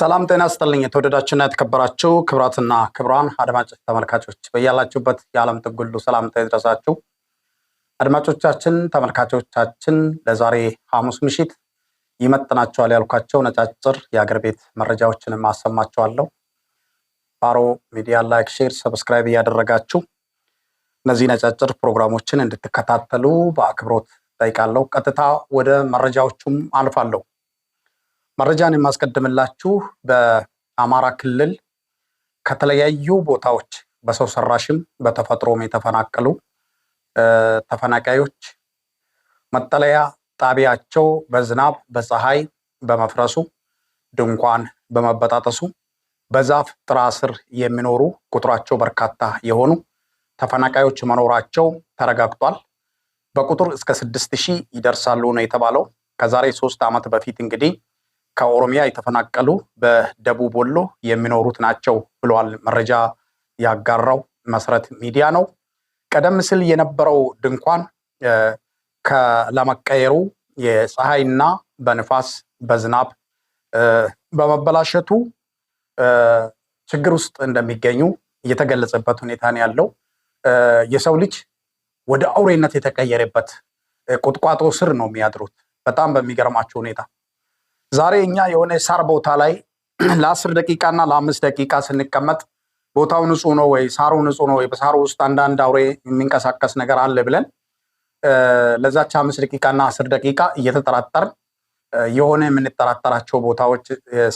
ሰላም ጤና ይስጥልኝ። የተወደዳችሁና የተከበራችሁ ክብራትና ክብራን አድማጭ ተመልካቾች በያላችሁበት የዓለም ጥግ ሁሉ ሰላምታ ይድረሳችሁ። አድማጮቻችን፣ ተመልካቾቻችን ለዛሬ ሐሙስ ምሽት ይመጥናቸዋል ያልኳቸው ነጫጭር የአገር ቤት መረጃዎችን አሰማችኋለሁ። ፓሮ ሚዲያ ላይክ፣ ሼር፣ ሰብስክራይብ እያደረጋችሁ እነዚህ ነጫጭር ፕሮግራሞችን እንድትከታተሉ በአክብሮት ጠይቃለሁ። ቀጥታ ወደ መረጃዎቹም አልፋለሁ። መረጃን የማስቀድምላችሁ በአማራ ክልል ከተለያዩ ቦታዎች በሰው ሰራሽም በተፈጥሮም የተፈናቀሉ ተፈናቃዮች መጠለያ ጣቢያቸው በዝናብ በፀሐይ በመፍረሱ ድንኳን በመበጣጠሱ በዛፍ ጥራ ስር የሚኖሩ ቁጥራቸው በርካታ የሆኑ ተፈናቃዮች መኖራቸው ተረጋግጧል። በቁጥር እስከ ስድስት ሺህ ይደርሳሉ ነው የተባለው። ከዛሬ ሶስት ዓመት በፊት እንግዲህ ከኦሮሚያ የተፈናቀሉ በደቡብ ወሎ የሚኖሩት ናቸው ብለዋል። መረጃ ያጋራው መሰረት ሚዲያ ነው። ቀደም ሲል የነበረው ድንኳን ለመቀየሩ የፀሐይና በንፋስ በዝናብ በመበላሸቱ ችግር ውስጥ እንደሚገኙ የተገለጸበት ሁኔታ ነው ያለው። የሰው ልጅ ወደ አውሬነት የተቀየረበት ቁጥቋጦ ስር ነው የሚያድሩት። በጣም በሚገርማቸው ሁኔታ ዛሬ እኛ የሆነ ሳር ቦታ ላይ ለአስር ደቂቃና ለአምስት ደቂቃ ስንቀመጥ ቦታው ንጹህ ነው ወይ፣ ሳሩ ንጹህ ነው ወይ፣ በሳሩ ውስጥ አንዳንድ አውሬ የሚንቀሳቀስ ነገር አለ ብለን ለዛች አምስት እና አስር ደቂቃ እየተጠራጠርን የሆነ የምንጠራጠራቸው ቦታዎች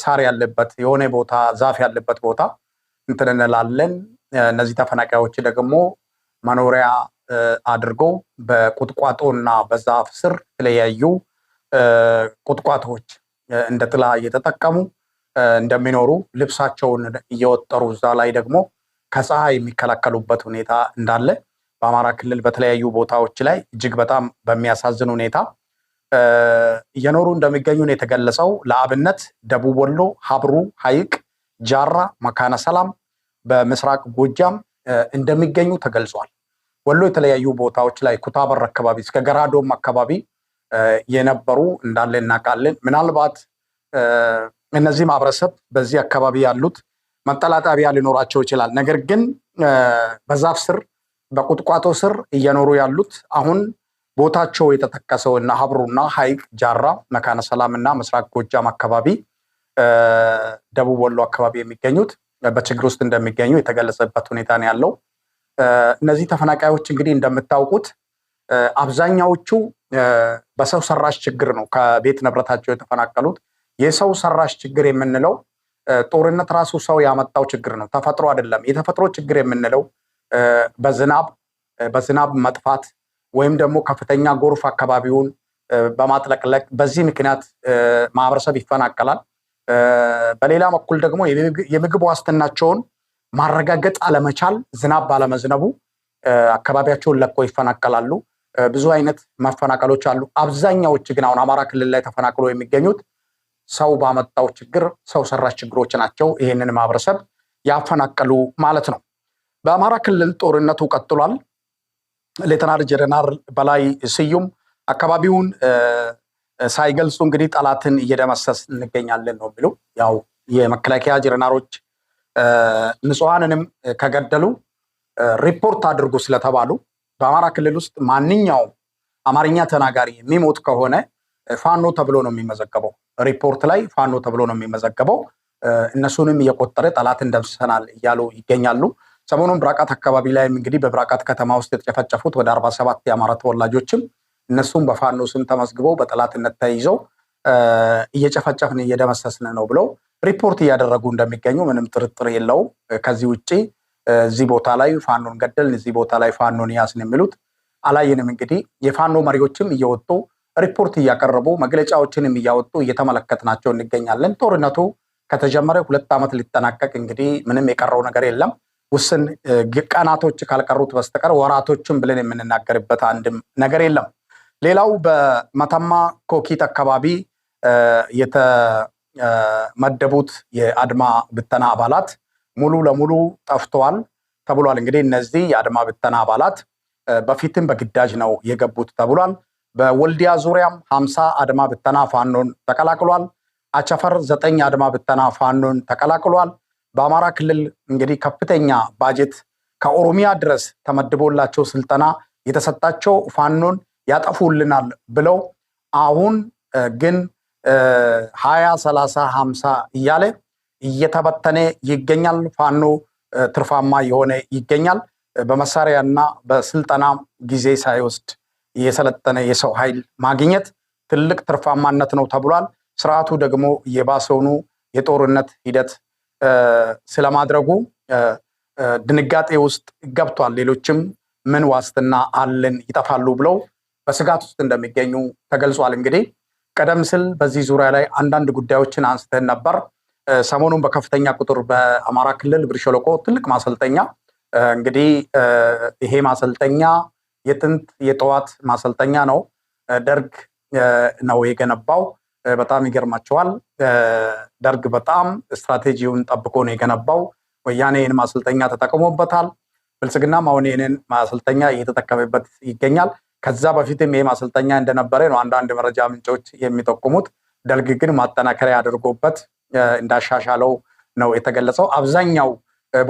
ሳር ያለበት የሆነ ቦታ ዛፍ ያለበት ቦታ እንትን እንላለን። እነዚህ ተፈናቃዮች ደግሞ መኖሪያ አድርጎ በቁጥቋጦ እና በዛፍ ስር የተለያዩ ቁጥቋጦዎች እንደ ጥላ እየተጠቀሙ እንደሚኖሩ ልብሳቸውን እየወጠሩ እዛ ላይ ደግሞ ከፀሐይ የሚከላከሉበት ሁኔታ እንዳለ በአማራ ክልል በተለያዩ ቦታዎች ላይ እጅግ በጣም በሚያሳዝን ሁኔታ እየኖሩ እንደሚገኙ ነው የተገለጸው። ለአብነት ደቡብ ወሎ ሀብሩ ሀይቅ ጃራ፣ መካነ ሰላም በምስራቅ ጎጃም እንደሚገኙ ተገልጿል። ወሎ የተለያዩ ቦታዎች ላይ ኩታበር አካባቢ እስከ ገራዶም አካባቢ የነበሩ እንዳለ እናውቃለን። ምናልባት እነዚህ ማህበረሰብ በዚህ አካባቢ ያሉት መጠላጠቢያ ሊኖራቸው ይችላል። ነገር ግን በዛፍ ስር በቁጥቋጦ ስር እየኖሩ ያሉት አሁን ቦታቸው የተጠቀሰው እና ሀብሩና ሀይቅ ጃራ፣ መካነ ሰላም እና ምስራቅ ጎጃም አካባቢ፣ ደቡብ ወሎ አካባቢ የሚገኙት በችግር ውስጥ እንደሚገኙ የተገለጸበት ሁኔታ ነው ያለው። እነዚህ ተፈናቃዮች እንግዲህ እንደምታውቁት አብዛኛዎቹ በሰው ሰራሽ ችግር ነው ከቤት ንብረታቸው የተፈናቀሉት። የሰው ሰራሽ ችግር የምንለው ጦርነት ራሱ ሰው ያመጣው ችግር ነው፣ ተፈጥሮ አይደለም። የተፈጥሮ ችግር የምንለው በዝናብ በዝናብ መጥፋት ወይም ደግሞ ከፍተኛ ጎርፍ አካባቢውን በማጥለቅለቅ በዚህ ምክንያት ማህበረሰብ ይፈናቀላል። በሌላ በኩል ደግሞ የምግብ ዋስትናቸውን ማረጋገጥ አለመቻል፣ ዝናብ ባለመዝነቡ አካባቢያቸውን ለቆ ይፈናቀላሉ። ብዙ አይነት መፈናቀሎች አሉ። አብዛኛዎች ግን አሁን አማራ ክልል ላይ ተፈናቅሎ የሚገኙት ሰው ባመጣው ችግር ሰው ሰራሽ ችግሮች ናቸው። ይህንን ማህበረሰብ ያፈናቀሉ ማለት ነው። በአማራ ክልል ጦርነቱ ቀጥሏል። ሌተናል ጀነራል በላይ ስዩም አካባቢውን ሳይገልጹ እንግዲህ ጠላትን እየደመሰስ እንገኛለን ነው የሚሉ ያው የመከላከያ ጀነራሎች ንጹሐንንም ከገደሉ ሪፖርት አድርጉ ስለተባሉ በአማራ ክልል ውስጥ ማንኛውም አማርኛ ተናጋሪ የሚሞት ከሆነ ፋኖ ተብሎ ነው የሚመዘገበው። ሪፖርት ላይ ፋኖ ተብሎ ነው የሚመዘገበው። እነሱንም እየቆጠረ ጠላትን ደምስሰናል እያሉ ይገኛሉ። ሰሞኑን ብራቃት አካባቢ ላይም እንግዲህ በብራቃት ከተማ ውስጥ የተጨፈጨፉት ወደ አርባ ሰባት የአማራ ተወላጆችም እነሱም በፋኖ ስም ተመዝግበው በጠላትነት ተይዘው እየጨፈጨፍን እየደመሰስን ነው ብለው ሪፖርት እያደረጉ እንደሚገኙ ምንም ጥርጥር የለውም። ከዚህ ውጭ እዚህ ቦታ ላይ ፋኖን ገደል፣ እዚህ ቦታ ላይ ፋኖን ያስን የሚሉት አላየንም። እንግዲህ የፋኖ መሪዎችም እየወጡ ሪፖርት እያቀረቡ መግለጫዎችንም እያወጡ እየተመለከትናቸው እንገኛለን። ጦርነቱ ከተጀመረ ሁለት ዓመት ሊጠናቀቅ እንግዲህ ምንም የቀረው ነገር የለም። ውስን ቀናቶች ካልቀሩት በስተቀር ወራቶችም ብለን የምንናገርበት አንድም ነገር የለም። ሌላው በመተማ ኮኪት አካባቢ የተመደቡት የአድማ ብተና አባላት ሙሉ ለሙሉ ጠፍተዋል ተብሏል። እንግዲህ እነዚህ የአድማ ብተና አባላት በፊትም በግዳጅ ነው የገቡት ተብሏል። በወልዲያ ዙሪያም ሀምሳ አድማ ብተና ፋኖን ተቀላቅሏል። አቸፈር ዘጠኝ አድማ ብተና ፋኖን ተቀላቅሏል። በአማራ ክልል እንግዲህ ከፍተኛ ባጀት ከኦሮሚያ ድረስ ተመድቦላቸው ስልጠና የተሰጣቸው ፋኖን ያጠፉልናል ብለው አሁን ግን ሀያ ሰላሳ ሀምሳ እያለ እየተበተነ ይገኛል። ፋኖ ትርፋማ የሆነ ይገኛል። በመሳሪያ ና በስልጠና ጊዜ ሳይወስድ የሰለጠነ የሰው ኃይል ማግኘት ትልቅ ትርፋማነት ነው ተብሏል። ስርዓቱ ደግሞ የባሰውኑ የጦርነት ሂደት ስለማድረጉ ድንጋጤ ውስጥ ገብቷል። ሌሎችም ምን ዋስትና አለን ይጠፋሉ ብለው በስጋት ውስጥ እንደሚገኙ ተገልጿል። እንግዲህ ቀደም ሲል በዚህ ዙሪያ ላይ አንዳንድ ጉዳዮችን አንስተን ነበር። ሰሞኑን በከፍተኛ ቁጥር በአማራ ክልል ብር ሸለቆ ትልቅ ማሰልጠኛ እንግዲህ ይሄ ማሰልጠኛ የጥንት የጠዋት ማሰልጠኛ ነው። ደርግ ነው የገነባው። በጣም ይገርማቸዋል። ደርግ በጣም ስትራቴጂውን ጠብቆ ነው የገነባው። ወያኔ ይህን ማሰልጠኛ ተጠቅሞበታል። ብልጽግናም አሁን ይህንን ማሰልጠኛ እየተጠቀመበት ይገኛል። ከዛ በፊትም ይሄ ማሰልጠኛ እንደነበረ ነው አንዳንድ መረጃ ምንጮች የሚጠቁሙት። ደርግ ግን ማጠናከሪያ አድርጎበት እንዳሻሻለው ነው የተገለጸው። አብዛኛው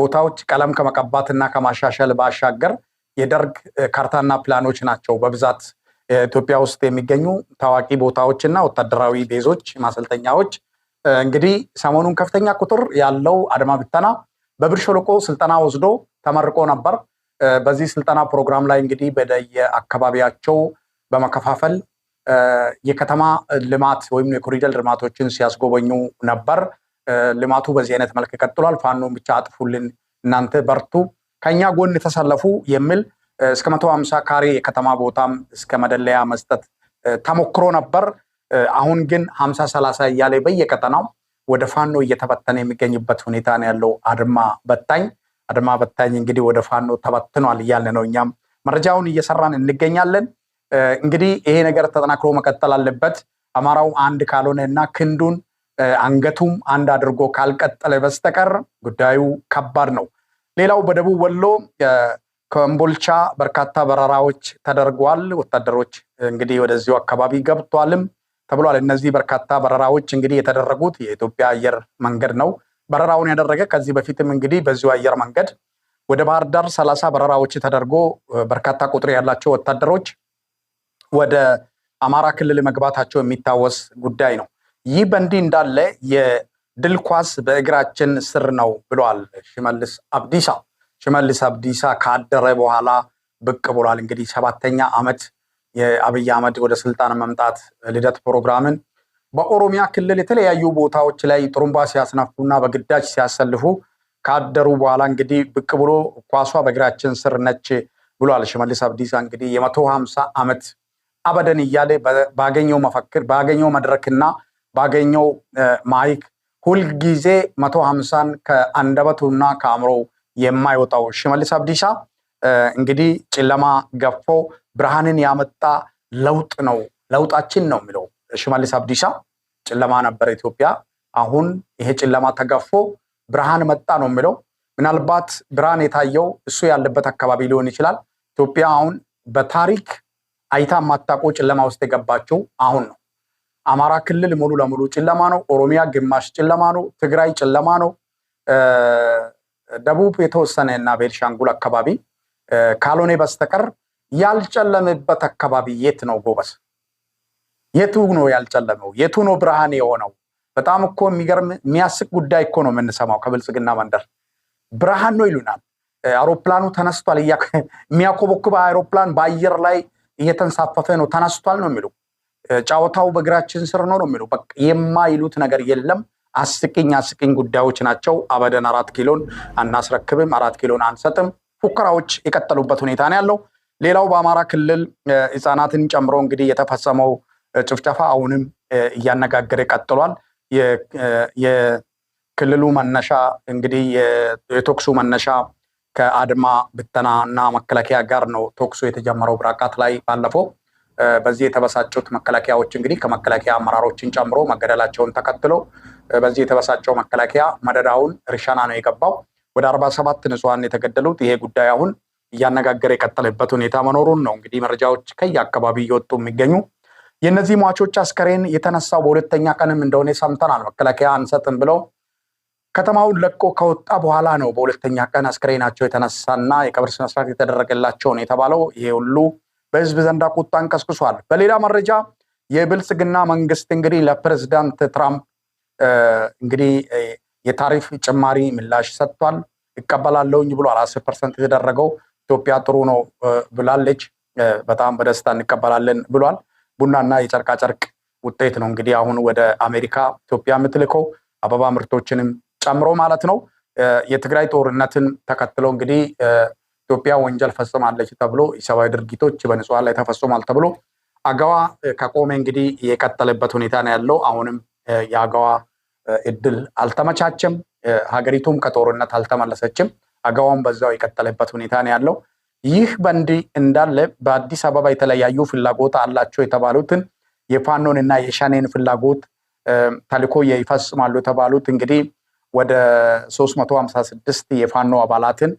ቦታዎች ቀለም ከመቀባት እና ከማሻሻል ባሻገር የደርግ ካርታና ፕላኖች ናቸው በብዛት ኢትዮጵያ ውስጥ የሚገኙ ታዋቂ ቦታዎች እና ወታደራዊ ቤዞች፣ ማሰልጠኛዎች። እንግዲህ ሰሞኑን ከፍተኛ ቁጥር ያለው አድማ ብተና በብር ሸለቆ ስልጠና ወስዶ ተመርቆ ነበር። በዚህ ስልጠና ፕሮግራም ላይ እንግዲህ በደየ አካባቢያቸው በመከፋፈል የከተማ ልማት ወይም የኮሪደር ልማቶችን ሲያስጎበኙ ነበር። ልማቱ በዚህ አይነት መልክ ቀጥሏል። ፋኖን ብቻ አጥፉልን፣ እናንተ በርቱ፣ ከኛ ጎን ተሰለፉ የሚል እስከ መቶ ሀምሳ ካሬ የከተማ ቦታም እስከ መደለያ መስጠት ተሞክሮ ነበር። አሁን ግን ሀምሳ ሰላሳ እያለ በየቀጠናው ወደ ፋኖ እየተበተነ የሚገኝበት ሁኔታ ነው ያለው። አድማ በታኝ አድማ በታኝ እንግዲህ ወደ ፋኖ ተበትኗል እያለ ነው። እኛም መረጃውን እየሰራን እንገኛለን። እንግዲህ ይሄ ነገር ተጠናክሮ መቀጠል አለበት። አማራው አንድ ካልሆነ እና ክንዱን አንገቱም አንድ አድርጎ ካልቀጠለ በስተቀር ጉዳዩ ከባድ ነው። ሌላው በደቡብ ወሎ ከምቦልቻ በርካታ በረራዎች ተደርጓል። ወታደሮች እንግዲህ ወደዚሁ አካባቢ ገብቷልም ተብሏል። እነዚህ በርካታ በረራዎች እንግዲህ የተደረጉት የኢትዮጵያ አየር መንገድ ነው በረራውን ያደረገ። ከዚህ በፊትም እንግዲህ በዚሁ አየር መንገድ ወደ ባህር ዳር ሰላሳ በረራዎች ተደርጎ በርካታ ቁጥር ያላቸው ወታደሮች ወደ አማራ ክልል መግባታቸው የሚታወስ ጉዳይ ነው። ይህ በእንዲህ እንዳለ የድል ኳስ በእግራችን ስር ነው ብሏል ሽመልስ አብዲሳ። ሽመልስ አብዲሳ ካደረ በኋላ ብቅ ብሏል። እንግዲህ ሰባተኛ ዓመት የአብይ አህመድ ወደ ስልጣን መምጣት ልደት ፕሮግራምን በኦሮሚያ ክልል የተለያዩ ቦታዎች ላይ ጥሩምባ ሲያስነፉና በግዳጅ ሲያሰልፉ ካደሩ በኋላ እንግዲህ ብቅ ብሎ ኳሷ በእግራችን ስር ነች ብሏል ሽመልስ አብዲሳ። እንግዲህ የመቶ ሀምሳ ዓመት አበደን እያለ ባገኘው መፈክር ባገኘው መድረክና ባገኘው ማይክ ሁልጊዜ መቶ ሀምሳን ከአንደበቱና ከአእምሮ የማይወጣው ሽመልስ አብዲሳ እንግዲህ ጨለማ ገፎ ብርሃንን ያመጣ ለውጥ ነው ለውጣችን ነው የሚለው ሽመልስ አብዲሳ። ጨለማ ነበር ኢትዮጵያ፣ አሁን ይሄ ጨለማ ተገፎ ብርሃን መጣ ነው የሚለው። ምናልባት ብርሃን የታየው እሱ ያለበት አካባቢ ሊሆን ይችላል። ኢትዮጵያ አሁን በታሪክ አይታ ማታቆ ጨለማ ውስጥ የገባቸው አሁን ነው። አማራ ክልል ሙሉ ለሙሉ ጨለማ ነው። ኦሮሚያ ግማሽ ጨለማ ነው። ትግራይ ጨለማ ነው። ደቡብ የተወሰነ እና ቤልሻንጉል አካባቢ ካልሆነ በስተቀር ያልጨለመበት አካባቢ የት ነው ጎበስ? የቱ ነው ያልጨለመው? የቱ ነው ብርሃን የሆነው? በጣም እኮ የሚገርም የሚያስቅ ጉዳይ እኮ ነው የምንሰማው ከብልጽግና መንደር። ብርሃን ነው ይሉናል። አውሮፕላኑ ተነስቷል። የሚያኮበኩበ አውሮፕላን በአየር ላይ እየተንሳፈፈ ነው፣ ተነስቷል ነው የሚሉ ጫወታው በእግራችን ስር ነው ነው የሚሉ የማይሉት ነገር የለም። አስቂኝ አስቂኝ ጉዳዮች ናቸው። አበደን አራት ኪሎን አናስረክብም፣ አራት ኪሎን አንሰጥም። ፉከራዎች የቀጠሉበት ሁኔታ ነው ያለው። ሌላው በአማራ ክልል ህፃናትን ጨምሮ እንግዲህ የተፈጸመው ጭፍጨፋ አሁንም እያነጋገረ ቀጥሏል። የክልሉ መነሻ እንግዲህ የተኩሱ መነሻ ከአድማ ብተና እና መከላከያ ጋር ነው ተኩሱ የተጀመረው ብራቃት ላይ ባለፈው። በዚህ የተበሳጩት መከላከያዎች እንግዲህ ከመከላከያ አመራሮችን ጨምሮ መገደላቸውን ተከትሎ በዚህ የተበሳጨው መከላከያ መደዳውን ርሻና ነው የገባው። ወደ አርባ ሰባት ንጹሐን የተገደሉት ይሄ ጉዳይ አሁን እያነጋገረ የቀጠለበት ሁኔታ መኖሩን ነው እንግዲህ መረጃዎች ከየአካባቢ እየወጡ የሚገኙ የእነዚህ ሟቾች አስከሬን የተነሳው በሁለተኛ ቀንም እንደሆነ ሰምተናል። መከላከያ አንሰጥን ብለው ከተማውን ለቆ ከወጣ በኋላ ነው በሁለተኛ ቀን አስክሬናቸው የተነሳና የቀብር ስነስርዓት የተደረገላቸው ነው የተባለው። ይሄ ሁሉ በህዝብ ዘንዳ ቁጣን ቀስቅሷል። በሌላ መረጃ የብልጽግና መንግስት እንግዲህ ለፕሬዝዳንት ትራምፕ እንግዲህ የታሪፍ ጭማሪ ምላሽ ሰጥቷል። ይቀበላለሁኝ ብሏል። አስር ፐርሰንት የተደረገው ኢትዮጵያ ጥሩ ነው ብላለች። በጣም በደስታ እንቀበላለን ብሏል። ቡናና የጨርቃጨርቅ ውጤት ነው እንግዲህ አሁን ወደ አሜሪካ ኢትዮጵያ የምትልከው አበባ ምርቶችንም ጨምሮ ማለት ነው። የትግራይ ጦርነትን ተከትሎ እንግዲህ ኢትዮጵያ ወንጀል ፈጽማለች ተብሎ የሰብአዊ ድርጊቶች በንጹሐን ላይ ተፈጽሟል ተብሎ አገዋ ከቆመ እንግዲህ የቀጠለበት ሁኔታ ነው ያለው። አሁንም የአገዋ እድል አልተመቻቸም። ሀገሪቱም ከጦርነት አልተመለሰችም። አገዋም በዛው የቀጠለበት ሁኔታ ነው ያለው። ይህ በእንዲህ እንዳለ በአዲስ አበባ የተለያዩ ፍላጎት አላቸው የተባሉትን የፋኖን እና የሻኔን ፍላጎት ተልኮ ይፈጽማሉ የተባሉት እንግዲህ ወደ 356 የፋኖ አባላትን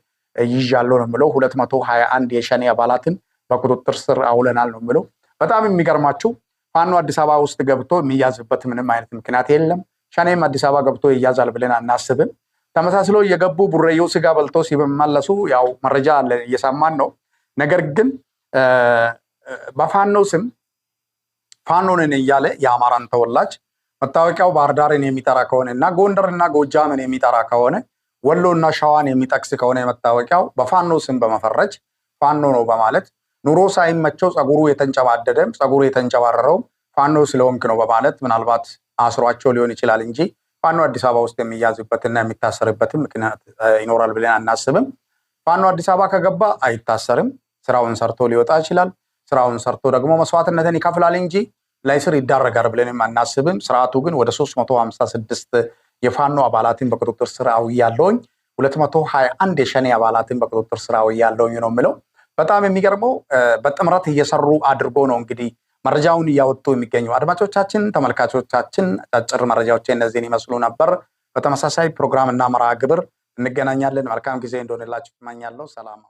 ይዣለሁ ነው የሚለው። 221 የሸኔ አባላትን በቁጥጥር ስር አውለናል ነው የሚለው። በጣም የሚገርማችሁ ፋኖ አዲስ አበባ ውስጥ ገብቶ የሚያዝበት ምንም አይነት ምክንያት የለም። ሸኔም አዲስ አበባ ገብቶ ይያዛል ብለን አናስብም። ተመሳስሎ እየገቡ ቡሬዮ ስጋ በልቶ ሲመለሱ ያው መረጃ አለ እየሰማን ነው። ነገር ግን በፋኖ ስም ፋኖንን እያለ የአማራን ተወላጅ መታወቂያው ባህርዳርን የሚጠራ ከሆነ እና ጎንደርና ጎጃምን የሚጠራ ከሆነ ወሎና ሸዋን የሚጠቅስ ከሆነ መታወቂያው በፋኖ ስም በመፈረጅ ፋኖ ነው በማለት ኑሮ ሳይመቸው ጸጉሩ የተንጨባደደም ጸጉሩ የተንጨባረረውም ፋኖ ስለሆንክ ነው በማለት ምናልባት አስሯቸው ሊሆን ይችላል እንጂ ፋኖ አዲስ አበባ ውስጥ የሚያዝበትና የሚታሰርበትም ምክንያት ይኖራል ብለን አናስብም። ፋኖ አዲስ አበባ ከገባ አይታሰርም። ስራውን ሰርቶ ሊወጣ ይችላል። ስራውን ሰርቶ ደግሞ መስዋዕትነትን ይከፍላል እንጂ ላይ ስር ይዳረጋል ብለንም አናስብም። ስርዓቱ ግን ወደ 356 የፋኖ አባላትን በቁጥጥር ስር አውያለሁኝ፣ 221 የሸኔ አባላትን በቁጥጥር ስር አውያለሁኝ ነው የሚለው። በጣም የሚገርመው በጥምረት እየሰሩ አድርጎ ነው እንግዲህ መረጃውን እያወጡ የሚገኙ። አድማጮቻችን፣ ተመልካቾቻችን አጫጭር መረጃዎች እነዚህን ይመስሉ ነበር። በተመሳሳይ ፕሮግራም እና መርሃ ግብር እንገናኛለን። መልካም ጊዜ እንደሆነላችሁ እመኛለሁ። ሰላም